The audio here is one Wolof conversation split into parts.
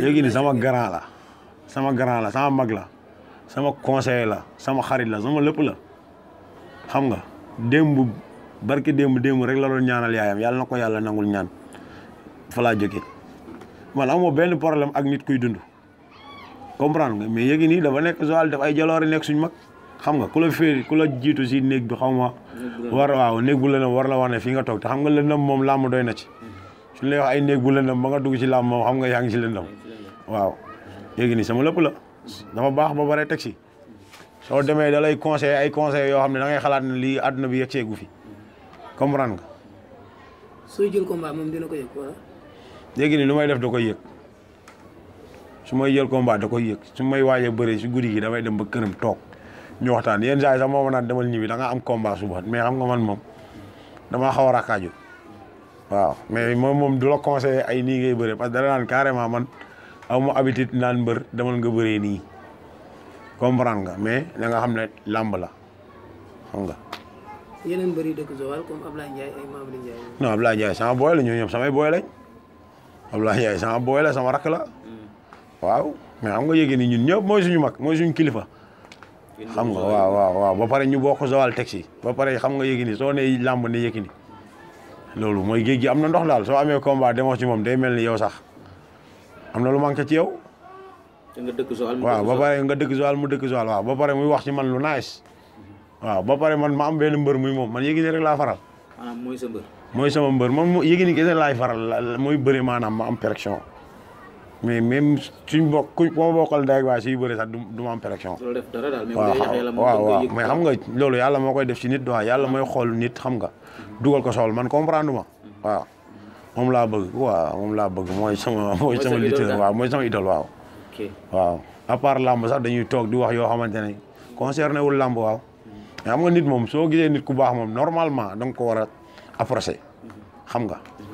léegi ni sama grand la sama grand la sama mag la sama conseiller la sama xarit la sama lépp la xam nga démb barki démb démb rek la doon ñaanal yaayam yàlla na ko yàlla nangul ñaan falaa laa jógee man amoo benn problème ak nit kuy dund comprendre nga mais yéegi nii dafa nekk Joal def ay jaloore nekk suñ mag xam nga ku la féeri ku la jiitu si néeg bi xaw ma war waaw néeg bu lëndëm war la wax ne fi nga toog te xam nga lëndëm moom làmb doy na ci suñu ay néeg bu lëndam dugg ci làmb moom xam nga yaa ngi ci lëndam waaw léegi nii sama lépp la dafa baax ba bare teg si soo demee da lay conseil ay conseil yoo xam ne da xalaat ne lii àdduna bi yegg seegu fi comprendre nga. sooy jël ko léegi nii lu may def da koy yëg su may jël combat da koy yëg su may waajee bëree si guddi gi damay dem ba këram toog ñu waxtaan yenn saa sax moo ma naan demal ñibbi da nga am combat suba mais xam nga man moom damaa xaw a waaw mais moom moom du la conseillé ay nii ngay bëree parce que dana naan carrément man aw ma habitude naan mbër demal nga bëree nii comprendre nga mais da nga xam ne làmb la xam nga. yeneen mbër yi dëkk Joal comme sama booy la samay booy lañ Ablaye Ndiaye sama booy la sama rakk la waaw mais xam nga yëg nii ñun ñëpp mooy suñu mag mooy suñu kilifa. xam nga waaw waaw waaw ba pare ñu bokk Joal teg si ba pare xam nga yéegi ni soo nee làmb ne yéegi ni loolu mooy géej gi am na ndox laal soo amee combat demoo ci moom day mel ni yow sax am na lu manqué ci yow. nga waaw ba pare nga dëkk Joal mu dëkk Joal waaw ba pare muy wax ci man lu nice waw ba pare man ma am benn mbër muy moom man Yékini rek laa faral. maanaam mooy sa mbër. mooy sama mbër man Yékini kese laay faral mooy bëri maanam ma am perfection. mais même suñ bokk ku ma bokkal daay waa suy bëre sax du ma am pression. loolu mais waaw waaw mais xam nga loolu yàlla moo koy def si nit waaw yàlla mooy xool nit xam nga. dugal ko sool man comprendre ma waaw. moom laa bëgg waaw moom laa bëgg mooy sama. mooy sama idole waaw mooy sama idole waaw. waaw à part dañuy toog di wax yoo xamante ne concerné wul làmb waaw. mais xam nga nit moom soo gisee nit ku baax moom normalement da nga ko war a approché. xam nga mhm.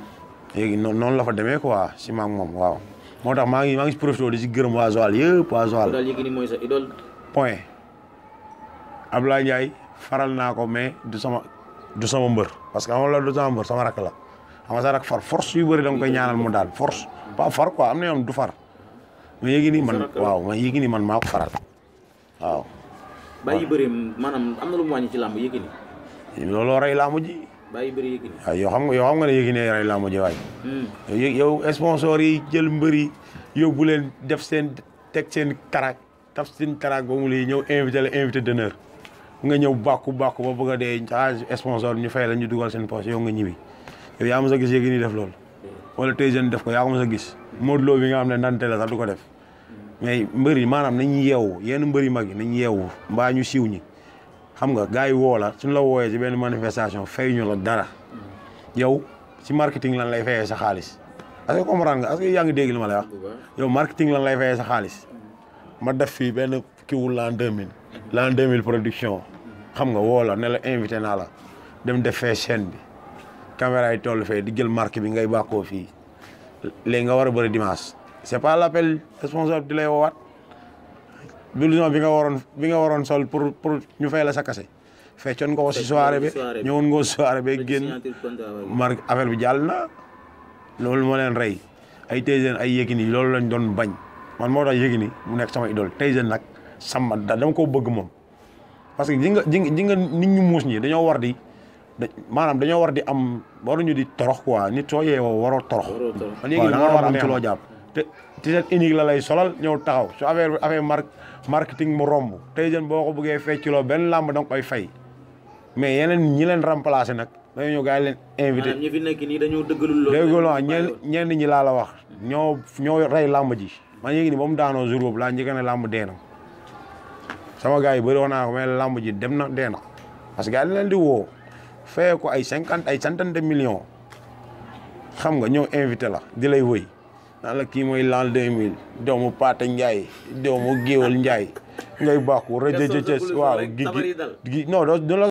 léegi noonu la fa demee quoi si maam waaw. moo tax maa ngi maa ngi si profité di si gërëm waa Joal yëpp waa Joal. idole Yékini mooy sa idole. point faral naa ko mais du sama mbër parce que xam la du sama mbër sama rakk la xam nga sa rakk far force yu bëri da nga koy ñaanal mu daal force. pas far quoi am na yoon du far. ma Yékini man ma Yékini maa ko faral waaw. bàyyi bëri am na lu mu wàññi ci làmb Yékini. looloo rey làmb ji. bàyyi mbër yi waaw yoo xam nga yoo xam nga ne Yékini rey làmb ji waay. Hmm. yow sponsor yi jël mbër yi yóbbu leen def seen teg seen tarak taf seen tarak ba mu lay ñëw invité la invité d'honneur nga ñëw bàkku bàkku ba bëgg a dee ah sponsor ñu fay la ñu dugal seen poche yow nga ñibbi yow yaa ma sa gis Yékini def lool wala tey jën def ko yaa ko ma sa gis. moo Lo bi nga xam ne nante la sax du ko def mais mbër yi maanaam nañ yeewu yenn mbër yu mag yi nañ yeewu mbaa ñu siw ñi. xam nga gars yi woo la suñu la wooyee ci benn manifestation fay ñu la dara yow ci marketing lan lay fayee sa xaalis a ce que comprendre nga est-ce que yaa ma lay wax yow marketing lan lay fayee sa xaalis ma def fii benn kiwul la l'an 2000 l'an 2000 production xam nga woola ne la invité naa la dem def fee chaîne bi caméra yi toll fee di jël marque bi ngay bàkkoo fii léegi nga war a bëri dimanche c'est pas responsable di lay woowaat blouson bi nga waroon bi nga waroon sol pour pour ñu fay la sa kase feccoon nga ko si soirée bi ñëwoon nga ko soirée bi génn marque affaire bi jàll na loolu moo leen rey ay Tyson ay ni loolu lañ doon bañ man moo tax Yékini mu nekk sama idole Tyson nag sama da dama koo bëgg moom parce que ji nga ji nga nit ñu muus ñi dañoo war di maanaam dañoo war di am ñu di torox quoi nit soo yeewoo waroo torox man Yékini moo war am ci loo jàpp te t-shirt unique la lay solal ñëw taxaw su affaire bi affaire marque marketing mu romb tey jën boo ko bëggee fecciloo benn làmb da koy fay mais yeneen ñi leen remplacé nag dañoo ñëw gars yi leen invité ah, ñi nii dañoo dëggalul ñi laa la wax ñoo ñoo rey làmb ji man yéegi ni ba daanoo jour boobu laa njëkk ne dee na sama yi bëri naa ko ji dem na dee parce que gars leen di woo feye ko ay cinquante ay centaine de millions xam nga ñëw invité la di lay wëy naan la kii mooy l'an 2000 doomu Paate Ndiaye doomu Géwal Ndiaye ngay bàkku rëjëjëjës waaw gi gi non